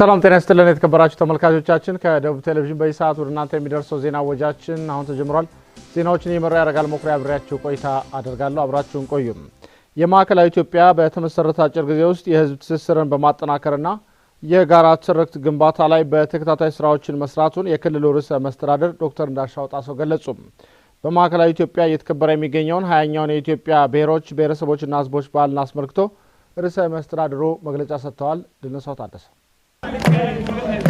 ሰላም ጤና ይስጥልን የተከበራችሁ ተመልካቾቻችን፣ ከደቡብ ቴሌቪዥን ሰዓት ወደ እናንተ የሚደርሰው ዜና ወጃችን አሁን ተጀምሯል። ዜናዎችን እየመራ ያረጋል መኩሪያ አብሬያችሁ ቆይታ አደርጋለሁ። አብራችሁን ቆዩም። የማዕከላዊ ኢትዮጵያ በተመሰረተ አጭር ጊዜ ውስጥ የህዝብ ትስስርን በማጠናከርና የጋራ ትርክት ግንባታ ላይ በተከታታይ ስራዎችን መስራቱን የክልሉ ርዕሰ መስተዳደር ዶክተር እንዳሻው ጣሰው ገለጹ። በማዕከላዊ ኢትዮጵያ እየተከበረ የሚገኘውን ሀያኛውን የኢትዮጵያ ብሔሮች ብሔረሰቦችና ህዝቦች በዓልን አስመልክቶ ርዕሰ መስተዳድሩ መግለጫ ሰጥተዋል። ድነሰው ታደሰ Thank you.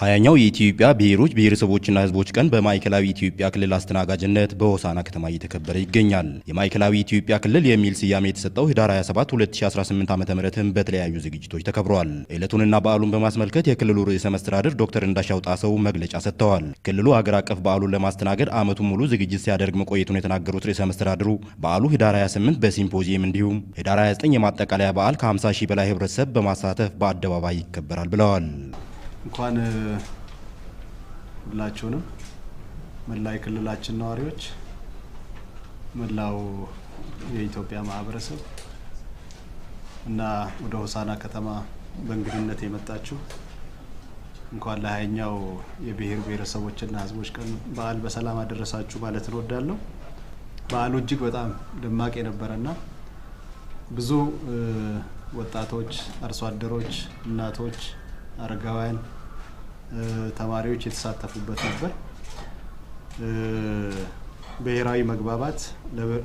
ሀያኛው የኢትዮጵያ ብሔሮች ብሔረሰቦችና ህዝቦች ቀን በማዕከላዊ ኢትዮጵያ ክልል አስተናጋጅነት በሆሳና ከተማ እየተከበረ ይገኛል። የማዕከላዊ ኢትዮጵያ ክልል የሚል ስያሜ የተሰጠው ህዳር 27 2018 ዓ ም በተለያዩ ዝግጅቶች ተከብሯል። ዕለቱንና በዓሉን በማስመልከት የክልሉ ርዕሰ መስተዳድር ዶክተር እንዳሻው ጣሰው መግለጫ ሰጥተዋል። ክልሉ ሀገር አቀፍ በዓሉን ለማስተናገድ ዓመቱን ሙሉ ዝግጅት ሲያደርግ መቆየቱን የተናገሩት ርዕሰ መስተዳድሩ በዓሉ ህዳር 28 በሲምፖዚየም እንዲሁም ህዳር 29 የማጠቃለያ በዓል ከ50 ሺህ በላይ ህብረተሰብ በማሳተፍ በአደባባይ ይከበራል ብለዋል። እንኳን ሁላችሁንም መላ የክልላችን ነዋሪዎች፣ መላው የኢትዮጵያ ማህበረሰብ እና ወደ ሆሳና ከተማ በእንግድነት የመጣችሁ እንኳን ለሀያኛው የብሔር ብሔረሰቦችና ህዝቦች ቀን በዓል በሰላም አደረሳችሁ ማለት እንወዳለሁ። በዓሉ እጅግ በጣም ደማቅ የነበረና ብዙ ወጣቶች፣ አርሶ አደሮች፣ እናቶች፣ አረጋውያን ተማሪዎች የተሳተፉበት ነበር። ብሔራዊ መግባባት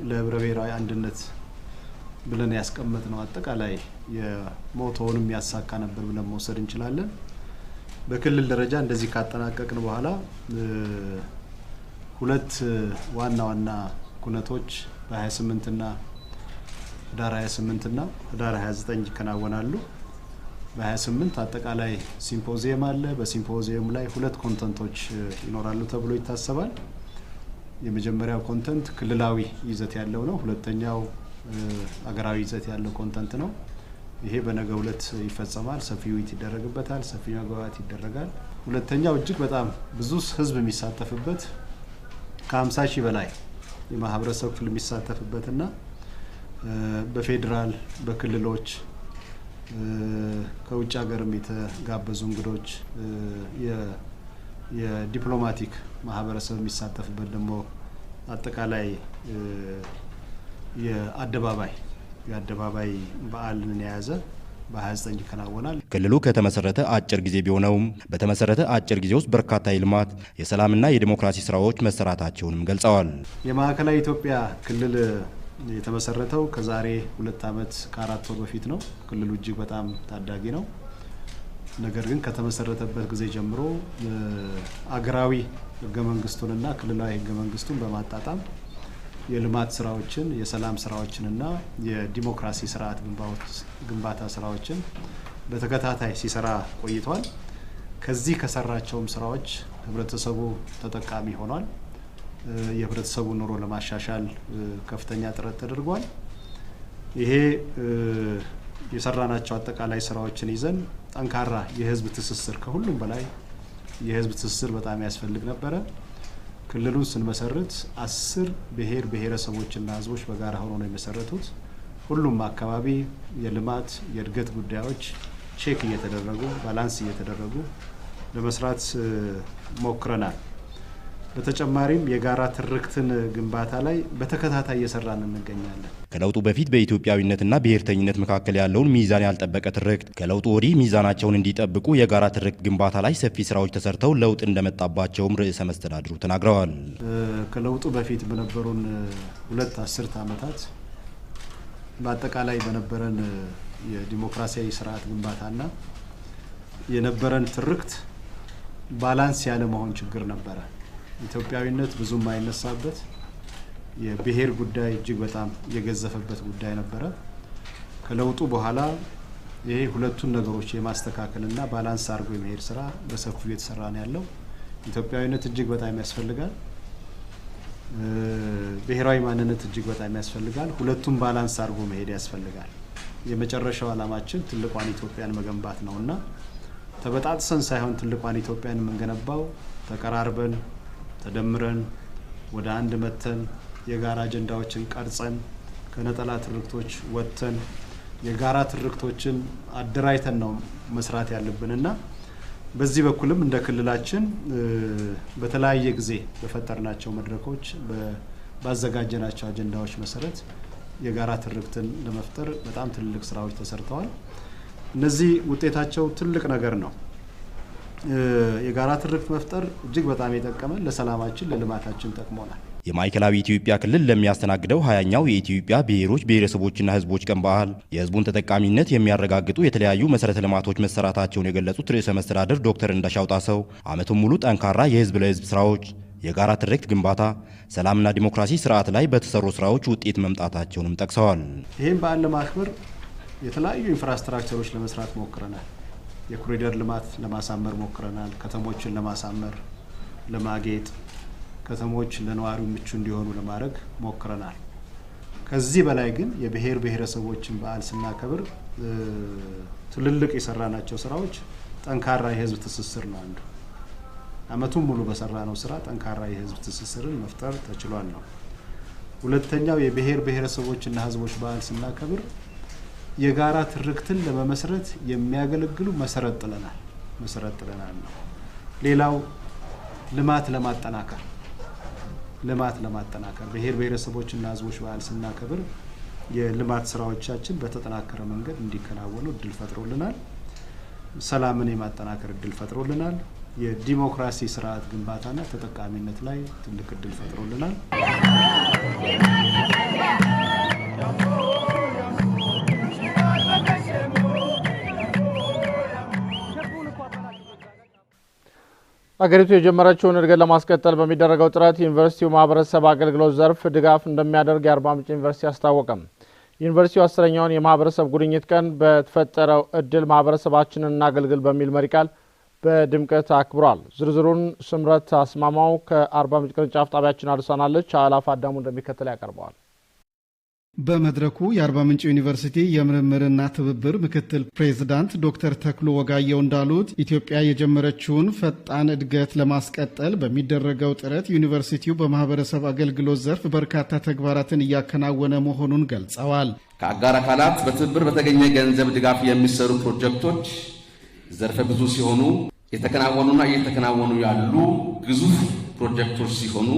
ለህብረ ብሔራዊ አንድነት ብለን ያስቀመጥ ነው አጠቃላይ የሞቶውንም ያሳካ ነበር ብለን መውሰድ እንችላለን። በክልል ደረጃ እንደዚህ ካጠናቀቅን በኋላ ሁለት ዋና ዋና ኩነቶች በ28 ና ህዳር 28 ና ህዳር 29 ይከናወናሉ። በ28 አጠቃላይ ሲምፖዚየም አለ። በሲምፖዚየም ላይ ሁለት ኮንተንቶች ይኖራሉ ተብሎ ይታሰባል። የመጀመሪያው ኮንተንት ክልላዊ ይዘት ያለው ነው። ሁለተኛው አገራዊ ይዘት ያለው ኮንተንት ነው። ይሄ በነገ ሁለት ይፈጸማል። ሰፊ ውይይት ይደረግበታል። ሰፊ መግባባት ይደረጋል። ሁለተኛው እጅግ በጣም ብዙ ህዝብ የሚሳተፍበት ከ50 ሺህ በላይ የማህበረሰብ ክፍል የሚሳተፍበትና በፌዴራል በክልሎች ከውጭ ሀገርም የተጋበዙ እንግዶች የዲፕሎማቲክ ማህበረሰብ የሚሳተፍበት ደግሞ አጠቃላይ የአደባባይ የአደባባይ በዓልን የያዘ በ29 ይከናወናል። ክልሉ ከተመሰረተ አጭር ጊዜ ቢሆነውም በተመሰረተ አጭር ጊዜ ውስጥ በርካታ የልማት የሰላምና የዲሞክራሲ ስራዎች መሰራታቸውንም ገልጸዋል። የማዕከላዊ ኢትዮጵያ ክልል የተመሰረተው ከዛሬ ሁለት ዓመት ከአራት ወር በፊት ነው። ክልሉ እጅግ በጣም ታዳጊ ነው። ነገር ግን ከተመሰረተበት ጊዜ ጀምሮ አገራዊ ህገ መንግስቱንና ክልላዊ ህገ መንግስቱን በማጣጣም የልማት ስራዎችን፣ የሰላም ስራዎችንና የዲሞክራሲ ስርዓት ግንባታ ስራዎችን በተከታታይ ሲሰራ ቆይቷል። ከዚህ ከሰራቸውም ስራዎች ህብረተሰቡ ተጠቃሚ ሆኗል። የህብረተሰቡ ኑሮ ለማሻሻል ከፍተኛ ጥረት ተደርጓል። ይሄ የሰራናቸው አጠቃላይ ስራዎችን ይዘን ጠንካራ የህዝብ ትስስር ከሁሉም በላይ የህዝብ ትስስር በጣም ያስፈልግ ነበረ። ክልሉን ስንመሰርት አስር ብሔር ብሔረሰቦችና ህዝቦች በጋራ ሆኖ ነው የመሰረቱት። ሁሉም አካባቢ የልማት የእድገት ጉዳዮች ቼክ እየተደረጉ ባላንስ እየተደረጉ ለመስራት ሞክረናል። በተጨማሪም የጋራ ትርክትን ግንባታ ላይ በተከታታይ እየሰራን እንገኛለን። ከለውጡ በፊት በኢትዮጵያዊነትና ብሔርተኝነት መካከል ያለውን ሚዛን ያልጠበቀ ትርክት ከለውጡ ወዲህ ሚዛናቸውን እንዲጠብቁ የጋራ ትርክት ግንባታ ላይ ሰፊ ስራዎች ተሰርተው ለውጥ እንደመጣባቸውም ርዕሰ መስተዳድሩ ተናግረዋል። ከለውጡ በፊት በነበሩን ሁለት አስርት ዓመታት በአጠቃላይ በነበረን የዲሞክራሲያዊ ስርዓት ግንባታና የነበረን ትርክት ባላንስ ያለመሆን ችግር ነበረ። ኢትዮጵያዊነት ብዙ የማይነሳበት የብሔር ጉዳይ እጅግ በጣም የገዘፈበት ጉዳይ ነበረ። ከለውጡ በኋላ ይሄ ሁለቱን ነገሮች የማስተካከልና ባላንስ አድርጎ የመሄድ ስራ በሰፊው እየተሰራ ነው ያለው። ኢትዮጵያዊነት እጅግ በጣም ያስፈልጋል። ብሔራዊ ማንነት እጅግ በጣም ያስፈልጋል። ሁለቱም ባላንስ አድርጎ መሄድ ያስፈልጋል። የመጨረሻው ዓላማችን ትልቋን ኢትዮጵያን መገንባት ነው እና ተበጣጥሰን ሳይሆን ትልቋን ኢትዮጵያን የምንገነባው ተቀራርበን ተደምረን ወደ አንድ መተን የጋራ አጀንዳዎችን ቀርጸን ከነጠላ ትርክቶች ወጥተን የጋራ ትርክቶችን አደራጅተን ነው መስራት ያለብን እና በዚህ በኩልም እንደ ክልላችን በተለያየ ጊዜ በፈጠርናቸው መድረኮች ባዘጋጀናቸው አጀንዳዎች መሰረት የጋራ ትርክትን ለመፍጠር በጣም ትልልቅ ስራዎች ተሰርተዋል። እነዚህ ውጤታቸው ትልቅ ነገር ነው። የጋራ ትርክት መፍጠር እጅግ በጣም የጠቀመን ለሰላማችን ለልማታችን ጠቅሞናል። የማዕከላዊ ኢትዮጵያ ክልል ለሚያስተናግደው ሀያኛው የኢትዮጵያ ብሔሮች ብሔረሰቦችና ሕዝቦች ቀን በዓል የሕዝቡን ተጠቃሚነት የሚያረጋግጡ የተለያዩ መሰረተ ልማቶች መሰራታቸውን የገለጹት ርዕሰ መስተዳድር ዶክተር እንዳሻው ጣሰው ዓመቱን ሙሉ ጠንካራ የሕዝብ ለሕዝብ ስራዎች፣ የጋራ ትርክት ግንባታ፣ ሰላምና ዲሞክራሲ ስርዓት ላይ በተሰሩ ስራዎች ውጤት መምጣታቸውንም ጠቅሰዋል። ይህም በዓል ለማክበር የተለያዩ ኢንፍራስትራክቸሮች ለመስራት ሞክረናል። የኮሪደር ልማት ለማሳመር ሞክረናል። ከተሞችን ለማሳመር፣ ለማጌጥ፣ ከተሞች ለነዋሪው ምቹ እንዲሆኑ ለማድረግ ሞክረናል። ከዚህ በላይ ግን የብሔር ብሔረሰቦችን በዓል ስናከብር ትልልቅ የሰራናቸው ስራዎች ጠንካራ የህዝብ ትስስር ነው አንዱ። አመቱን ሙሉ በሰራነው ስራ ጠንካራ የህዝብ ትስስርን መፍጠር ተችሏል ነው። ሁለተኛው የብሔር ብሔረሰቦችና ህዝቦች በዓል ስናከብር የጋራ ትርክትን ለመመስረት የሚያገለግሉ መሰረት ጥለናል መሰረት ጥለናል ነው። ሌላው ልማት ለማጠናከር ልማት ለማጠናከር ብሔር ብሔረሰቦችና ህዝቦች በዓል ስናከብር የልማት ስራዎቻችን በተጠናከረ መንገድ እንዲከናወኑ እድል ፈጥሮልናል። ሰላምን የማጠናከር እድል ፈጥሮልናል። የዲሞክራሲ ስርዓት ግንባታና ተጠቃሚነት ላይ ትልቅ እድል ፈጥሮልናል። ሀገሪቱ የጀመረችውን እድገት ለማስቀጠል በሚደረገው ጥረት ዩኒቨርሲቲው ማህበረሰብ አገልግሎት ዘርፍ ድጋፍ እንደሚያደርግ የአርባ ምንጭ ዩኒቨርሲቲ አስታወቀም። ዩኒቨርሲቲው አስረኛውን የማህበረሰብ ጉብኝት ቀን በተፈጠረው እድል ማህበረሰባችንን እናገልግል በሚል መሪ ቃል በድምቀት አክብሯል። ዝርዝሩን ስምረት አስማማው ከአርባ ምንጭ ቅርንጫፍ ጣቢያችን አድርሳናለች። አላፍ አዳሙ እንደሚከተል ያቀርበዋል። በመድረኩ የአርባ ምንጭ ዩኒቨርሲቲ የምርምርና ትብብር ምክትል ፕሬዝዳንት ዶክተር ተክሎ ወጋየው እንዳሉት ኢትዮጵያ የጀመረችውን ፈጣን እድገት ለማስቀጠል በሚደረገው ጥረት ዩኒቨርሲቲው በማህበረሰብ አገልግሎት ዘርፍ በርካታ ተግባራትን እያከናወነ መሆኑን ገልጸዋል። ከአጋር አካላት በትብብር በተገኘ ገንዘብ ድጋፍ የሚሰሩ ፕሮጀክቶች ዘርፈ ብዙ ሲሆኑ የተከናወኑና እየተከናወኑ ያሉ ግዙፍ ፕሮጀክቶች ሲሆኑ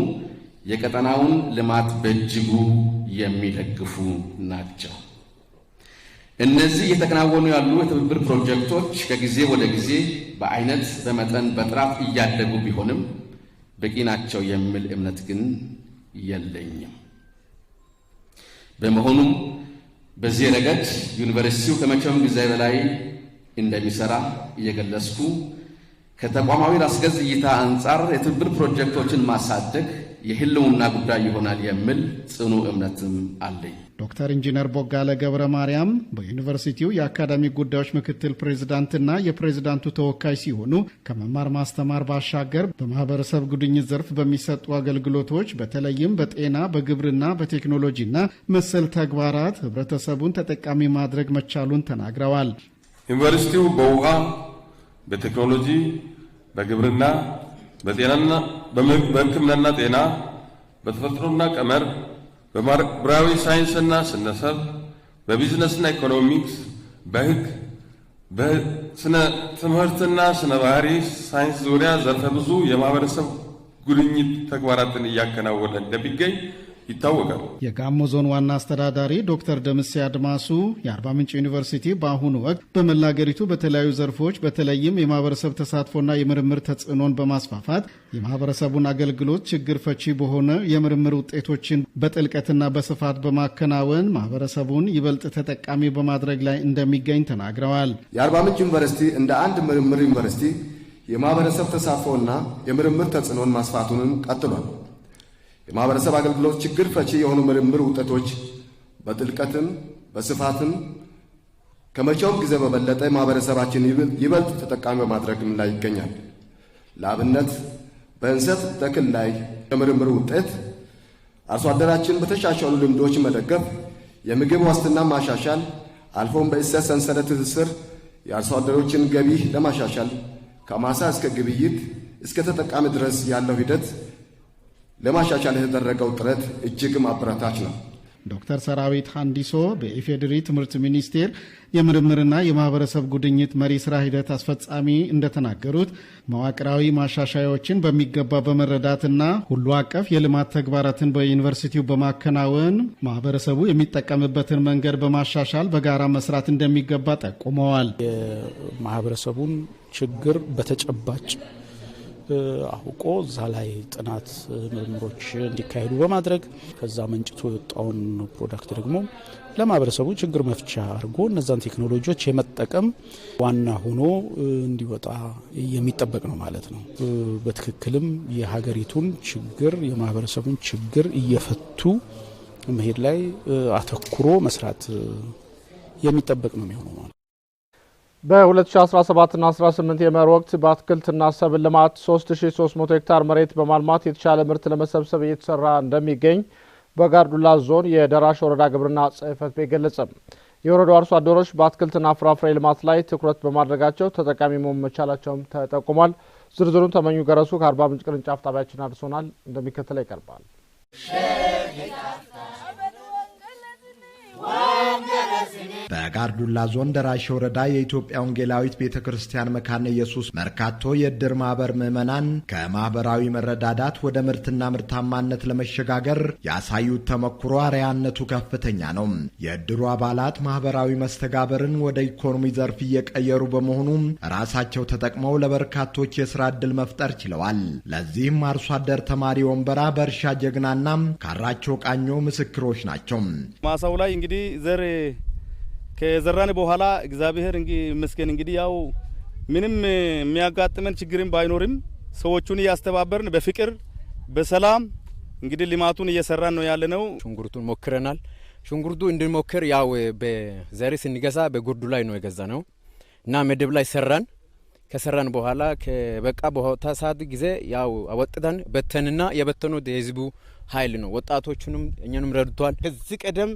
የቀጠናውን ልማት በእጅጉ የሚደግፉ ናቸው። እነዚህ እየተከናወኑ ያሉ የትብብር ፕሮጀክቶች ከጊዜ ወደ ጊዜ በአይነት፣ በመጠን፣ በጥራት እያደጉ ቢሆንም በቂ ናቸው የሚል እምነት ግን የለኝም። በመሆኑም በዚህ ረገድ ዩኒቨርሲቲው ከመቼውም ጊዜ በላይ እንደሚሰራ እየገለጽኩ ከተቋማዊ ራስ ገዝ እይታ አንጻር የትብብር ፕሮጀክቶችን ማሳደግ የህልውና ጉዳይ ይሆናል የሚል ጽኑ እምነትም አለኝ። ዶክተር ኢንጂነር ቦጋለ ገብረ ማርያም በዩኒቨርሲቲው የአካዳሚክ ጉዳዮች ምክትል ፕሬዚዳንትና የፕሬዝዳንቱ ተወካይ ሲሆኑ ከመማር ማስተማር ባሻገር በማህበረሰብ ጉድኝት ዘርፍ በሚሰጡ አገልግሎቶች በተለይም በጤና፣ በግብርና፣ በቴክኖሎጂና መሰል ተግባራት ህብረተሰቡን ተጠቃሚ ማድረግ መቻሉን ተናግረዋል። ዩኒቨርሲቲው በውሃ፣ በቴክኖሎጂ፣ በግብርና በጤናና በሕክምናና ጤና በተፈጥሮና ቀመር በማህበራዊ ሳይንስና ስነሰብ በቢዝነስና ኢኮኖሚክስ በህግ በስነ ትምህርትና ስነ ባህሪ ሳይንስ ዙሪያ ዘርፈ ብዙ የማህበረሰብ ጉድኝት ተግባራትን እያከናወነ እንደሚገኝ ይታወቃል። የጋሞ ዞን ዋና አስተዳዳሪ ዶክተር ደምሴ አድማሱ የአርባ ምንጭ ዩኒቨርሲቲ በአሁኑ ወቅት በመላ አገሪቱ በተለያዩ ዘርፎች በተለይም የማህበረሰብ ተሳትፎና የምርምር ተጽዕኖን በማስፋፋት የማህበረሰቡን አገልግሎት ችግር ፈቺ በሆነ የምርምር ውጤቶችን በጥልቀትና በስፋት በማከናወን ማህበረሰቡን ይበልጥ ተጠቃሚ በማድረግ ላይ እንደሚገኝ ተናግረዋል። የአርባ ምንጭ ዩኒቨርሲቲ እንደ አንድ ምርምር ዩኒቨርሲቲ የማህበረሰብ ተሳትፎና የምርምር ተጽዕኖን ማስፋቱንም ቀጥሏል። የማህበረሰብ አገልግሎት ችግር ፈቺ የሆኑ ምርምር ውጤቶች በጥልቀትም በስፋትም ከመቼውም ጊዜ በበለጠ ማህበረሰባችን ይበልጥ ተጠቃሚ በማድረግም ላይ ይገኛል። ለአብነት በእንሰት ተክል ላይ የምርምር ውጤት አርሶ አደራችን በተሻሻሉ ልምዶች መደገፍ፣ የምግብ ዋስትና ማሻሻል፣ አልፎም በእንሰት ሰንሰለት ትስስር የአርሶ አደሮችን ገቢ ለማሻሻል ከማሳ እስከ ግብይት እስከ ተጠቃሚ ድረስ ያለው ሂደት ለማሻሻል የተደረገው ጥረት እጅግ ማበረታች ነው። ዶክተር ሰራዊት ሀንዲሶ በኢፌዴሪ ትምህርት ሚኒስቴር የምርምርና የማህበረሰብ ጉድኝት መሪ ስራ ሂደት አስፈጻሚ እንደተናገሩት መዋቅራዊ ማሻሻያዎችን በሚገባ በመረዳትና ሁሉ አቀፍ የልማት ተግባራትን በዩኒቨርሲቲው በማከናወን ማህበረሰቡ የሚጠቀምበትን መንገድ በማሻሻል በጋራ መስራት እንደሚገባ ጠቁመዋል። የማህበረሰቡን ችግር በተጨባጭ አውቆ እዛ ላይ ጥናት ምርምሮች እንዲካሄዱ በማድረግ ከዛ መንጭቶ የወጣውን ፕሮዳክት ደግሞ ለማህበረሰቡ ችግር መፍቻ አድርጎ እነዛን ቴክኖሎጂዎች የመጠቀም ዋና ሆኖ እንዲወጣ የሚጠበቅ ነው ማለት ነው። በትክክልም የሀገሪቱን ችግር የማህበረሰቡን ችግር እየፈቱ መሄድ ላይ አተኩሮ መስራት የሚጠበቅ ነው የሚሆነው። በ2017ና 18 የመኸር ወቅት በአትክልትና ሰብል ልማት 3300 ሄክታር መሬት በማልማት የተሻለ ምርት ለመሰብሰብ እየተሰራ እንደሚገኝ በጋርዱላ ዞን የደራሽ ወረዳ ግብርና ጽሕፈት ቤት ገለጸ። የወረዳው አርሶ አደሮች በአትክልትና ፍራፍሬ ልማት ላይ ትኩረት በማድረጋቸው ተጠቃሚ መሆን መቻላቸውም ተጠቁሟል። ዝርዝሩን ተመኙ ገረሱ ከአርባ ምንጭ ቅርንጫፍ ጣቢያችን አድርሶናል፣ እንደሚከተለው ይቀርባል። በጋርዱላ ዞን ደራሽ ወረዳ የኢትዮጵያ ወንጌላዊት ቤተ ክርስቲያን መካነ ኢየሱስ መርካቶ የዕድር ማህበር ምዕመናን ከማህበራዊ መረዳዳት ወደ ምርትና ምርታማነት ለመሸጋገር ያሳዩት ተመክሮ አርያነቱ ከፍተኛ ነው። የእድሩ አባላት ማህበራዊ መስተጋበርን ወደ ኢኮኖሚ ዘርፍ እየቀየሩ በመሆኑ ራሳቸው ተጠቅመው ለበርካቶች የስራ ዕድል መፍጠር ችለዋል። ለዚህም አርሶ አደር ተማሪ ወንበራ በእርሻ ጀግናና ካራቸው ቃኞ ምስክሮች ናቸው። ማሳው ላይ እንግዲህ ዘር ከዘራን በኋላ እግዚአብሔር እንግዲህ ይመስገን እንግዲህ ያው ምንም የሚያጋጥመን ችግርም ባይኖርም ሰዎቹን እያስተባበርን በፍቅር በሰላም እንግዲህ ልማቱን እየሰራን ነው ያለ ነው። ሽንኩርቱን ሞክረናል። ሽንኩርቱ እንድንሞክር ያው በዘር ስንገዛ በጉርዱ ላይ ነው የገዛ ነው እና መደብ ላይ ሰራን። ከሰራን በኋላ ከበቃ በሆታ ሰዓት ጊዜ ያው አወጥተን በተንና የበተኑ የህዝቡ ኃይል ነው። ወጣቶቹንም እኛንም ረድቷል። ከዚህ ቀደም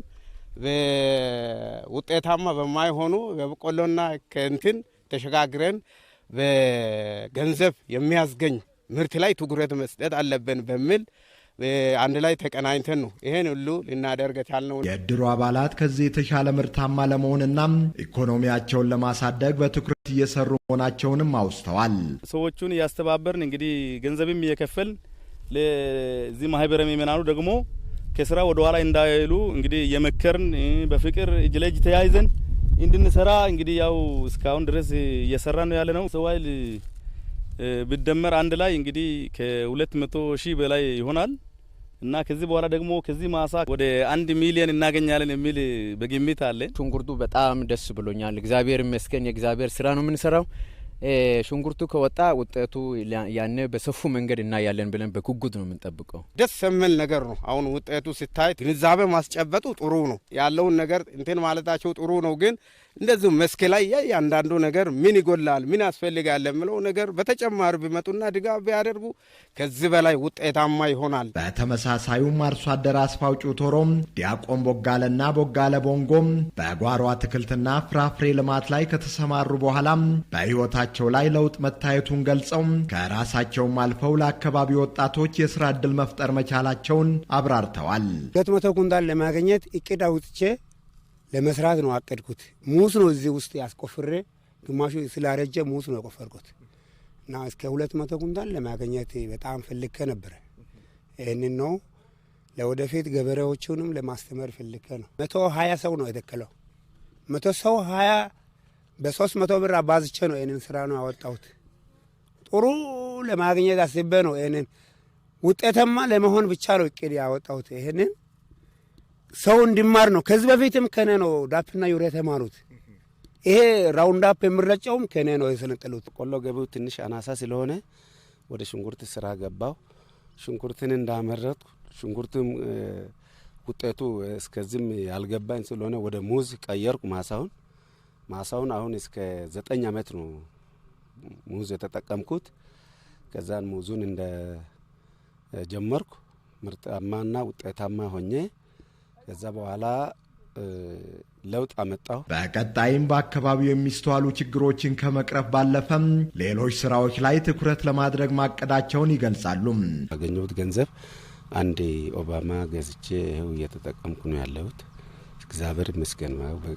ውጤታማ በማይሆኑ በበቆሎና ከእንትን ተሸጋግረን በገንዘብ የሚያስገኝ ምርት ላይ ትኩረት መስጠት አለብን በሚል አንድ ላይ ተቀናኝተን ነው ይሄን ሁሉ ልናደርግ ቻልነው። የእድሩ አባላት ከዚህ የተሻለ ምርታማ ለመሆንና ኢኮኖሚያቸውን ለማሳደግ በትኩረት እየሰሩ መሆናቸውንም አውስተዋል። ሰዎቹን እያስተባበርን እንግዲህ ገንዘብም እየከፈል ለዚህ ማህበረም ምእመናኑ ደግሞ ከስራ ወደ ኋላ እንዳይሉ እንግዲህ የመከርን በፍቅር እጅ ለእጅ ተያይዘን እንድንሰራ እንግዲህ ያው እስካሁን ድረስ እየሰራ ነው ያለ ነው። ሰው ኃይል ብደመር አንድ ላይ እንግዲህ ከሁለት መቶ ሺህ በላይ ይሆናል እና ከዚህ በኋላ ደግሞ ከዚህ ማሳ ወደ አንድ ሚሊዮን እናገኛለን የሚል በግምት አለ። ሽንኩርቱ በጣም ደስ ብሎኛል። እግዚአብሔር ይመስገን። የእግዚአብሔር ስራ ነው የምንሰራው። ሽንኩርቱ ከወጣ ውጤቱ ያኔ በሰፉ መንገድ እናያለን ብለን በጉጉት ነው የምንጠብቀው። ደስ የሚል ነገር ነው። አሁን ውጤቱ ሲታይ ግንዛቤ ማስጨበጡ ጥሩ ነው። ያለውን ነገር እንትን ማለታቸው ጥሩ ነው። ግን እንደዚሁ መስክ ላይ እያንዳንዱ ነገር ምን ይጎላል፣ ምን ያስፈልጋል የምለው ነገር በተጨማሪ ቢመጡና ድጋፍ ቢያደርጉ ከዚህ በላይ ውጤታማ ይሆናል። በተመሳሳዩም አርሶ አደር አስፋው ቶሮም፣ ዲያቆን ቦጋለና ቦጋለ ቦንጎም በጓሮ አትክልትና ፍራፍሬ ልማት ላይ ከተሰማሩ በኋላም በህይወታ ስራቸው ላይ ለውጥ መታየቱን ገልጸው ከራሳቸውም አልፈው ለአካባቢ ወጣቶች የስራ ዕድል መፍጠር መቻላቸውን አብራርተዋል። ሁለት መቶ ኩንታል ለማግኘት እቅድ አውጥቼ ለመስራት ነው አቀድኩት። ሙስ ነው እዚህ ውስጥ ያስቆፍሬ፣ ግማሹ ስላረጀ ሙስ ነው የቆፈርኩት እና እስከ ሁለት መቶ ኩንታል ለማግኘት በጣም ፈልከ ነበረ። ይህንን ነው ለወደፊት ገበሬዎቹንም ለማስተመር ፈልከ ነው። መቶ ሀያ ሰው ነው የተከለው መቶ ሰው ሀያ በሶስት መቶ ብር አባዝቼ ነው ይህንን ስራ ነው ያወጣሁት። ጥሩ ለማግኘት አስቤ ነው ይህንን ውጤታማ ለመሆን ብቻ ነው እቅድ ያወጣሁት። ይህንን ሰው እንዲማር ነው። ከዚህ በፊትም ከኔ ነው ዳፕና ዩሪያ የተማሩት። ይሄ ራውንዳፕ የምረጨውም ከኔ ነው የሰነጠሉት። ቆሎ ገቢው ትንሽ አናሳ ስለሆነ ወደ ሽንኩርት ስራ ገባው። ሽንኩርትን እንዳመረጥኩ ሽንኩርትም ውጤቱ እስከዚህም ያልገባኝ ስለሆነ ወደ ሙዝ ቀየርኩ ማሳውን ማሳውን አሁን እስከ ዘጠኝ አመት ነው ሙዝ የተጠቀምኩት። ከዛን ሙዙን እንደ ጀመርኩ ምርታማና ውጤታማ ሆኜ ከዛ በኋላ ለውጥ አመጣሁ። በቀጣይም በአካባቢው የሚስተዋሉ ችግሮችን ከመቅረፍ ባለፈም ሌሎች ስራዎች ላይ ትኩረት ለማድረግ ማቀዳቸውን ይገልጻሉ። ያገኘሁት ገንዘብ አንዴ ኦባማ ገዝቼ ይኸው እየተጠቀምኩ ነው ያለሁት። እግዚአብሔር ይመስገን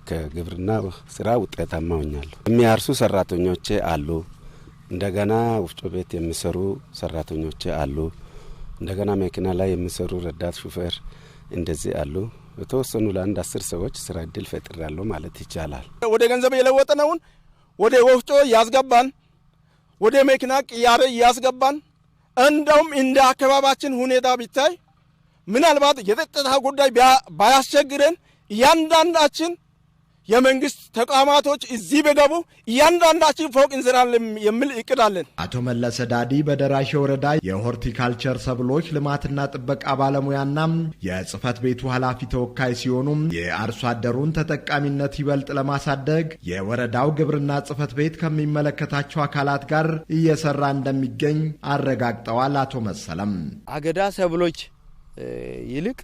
ከግብርና ስራ ውጤታማ ሆኛለሁ። የሚያርሱ ሰራተኞቼ አሉ። እንደገና ወፍጮ ቤት የሚሰሩ ሰራተኞቼ አሉ። እንደገና መኪና ላይ የሚሰሩ ረዳት ሹፌር እንደዚህ አሉ። የተወሰኑ ለአንድ አስር ሰዎች ስራ እድል ፈጥራለሁ ማለት ይቻላል። ወደ ገንዘብ የለወጥነውን ወደ ወፍጮ እያስገባን ወደ መኪና ቅያሬ እያስገባን እንደውም እንደ አካባቢያችን ሁኔታ ቢታይ ምናልባት የጸጥታ ጉዳይ ባያስቸግረን እያንዳንዳችን የመንግስት ተቋማቶች እዚህ በደቡብ እያንዳንዳችን ፎቅ እንዝራለን የሚል እቅድ አለን። አቶ መለሰ ዳዲ በደራሼ ወረዳ የሆርቲካልቸር ሰብሎች ልማትና ጥበቃ ባለሙያና የጽህፈት ቤቱ ኃላፊ ተወካይ ሲሆኑ የአርሶ አደሩን ተጠቃሚነት ይበልጥ ለማሳደግ የወረዳው ግብርና ጽህፈት ቤት ከሚመለከታቸው አካላት ጋር እየሰራ እንደሚገኝ አረጋግጠዋል። አቶ መሰለም አገዳ ሰብሎች ይልቅ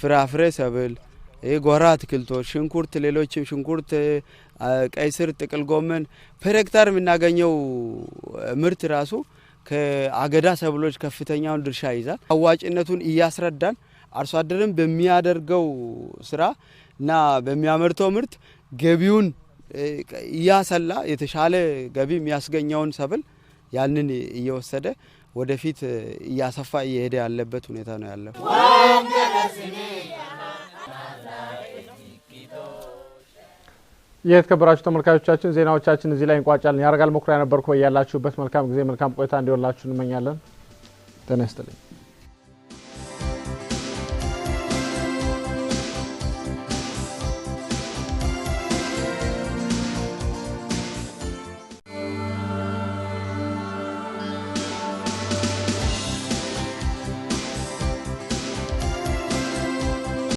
ፍራፍሬ ሰብል፣ ጎራ አትክልቶች፣ ሽንኩርት፣ ሌሎችም ሽንኩርት፣ ቀይ ስር፣ ጥቅል ጎመን ፐር ሄክታር የምናገኘው ምርት ራሱ ከአገዳ ሰብሎች ከፍተኛውን ድርሻ ይዛል። አዋጭነቱን እያስረዳን አርሶ አደርን በሚያደርገው ስራ እና በሚያመርተው ምርት ገቢውን እያሰላ የተሻለ ገቢ የሚያስገኘውን ሰብል ያንን እየወሰደ ወደፊት እያሰፋ እየሄደ ያለበት ሁኔታ ነው ያለው። የተከበራችሁ ተመልካቾቻችን ዜናዎቻችን እዚህ ላይ እንቋጫለን። ያረጋል መኩሪያ ነበርኩ። ያላችሁበት መልካም ጊዜ መልካም ቆይታ እንዲሆንላችሁ እንመኛለን። ጤና ይስጥልኝ።